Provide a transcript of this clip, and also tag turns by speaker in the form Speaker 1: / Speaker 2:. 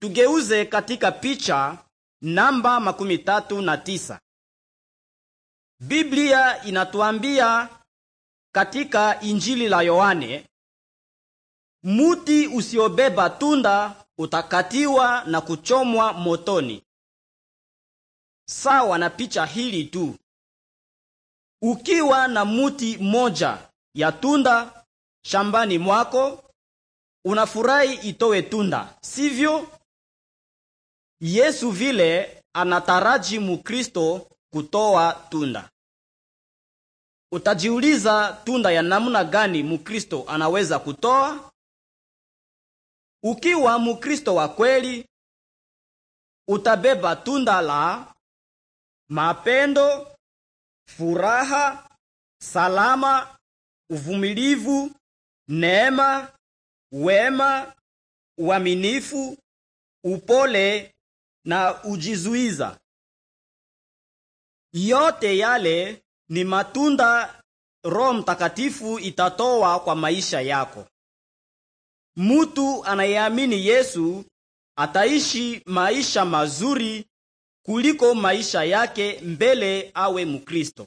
Speaker 1: Tugeuze katika picha namba makumi tatu na tisa. Biblia inatuambia katika Injili la Yohane, muti usiobeba tunda utakatiwa na kuchomwa motoni. Sawa na picha hili tu, ukiwa na muti moja ya tunda shambani mwako, unafurahi itowe tunda, sivyo? Yesu vile anataraji Mukristo kutoa tunda. Utajiuliza, tunda ya namna gani Mukristo anaweza kutoa? Ukiwa Mukristo wa kweli, utabeba tunda la mapendo, furaha, salama, uvumilivu, neema, wema, uaminifu, upole na ujizuiza. Yote yale ni matunda Roho Mtakatifu itatoa kwa maisha yako. Mutu anayeamini Yesu ataishi maisha mazuri kuliko maisha yake mbele awe Mkristo.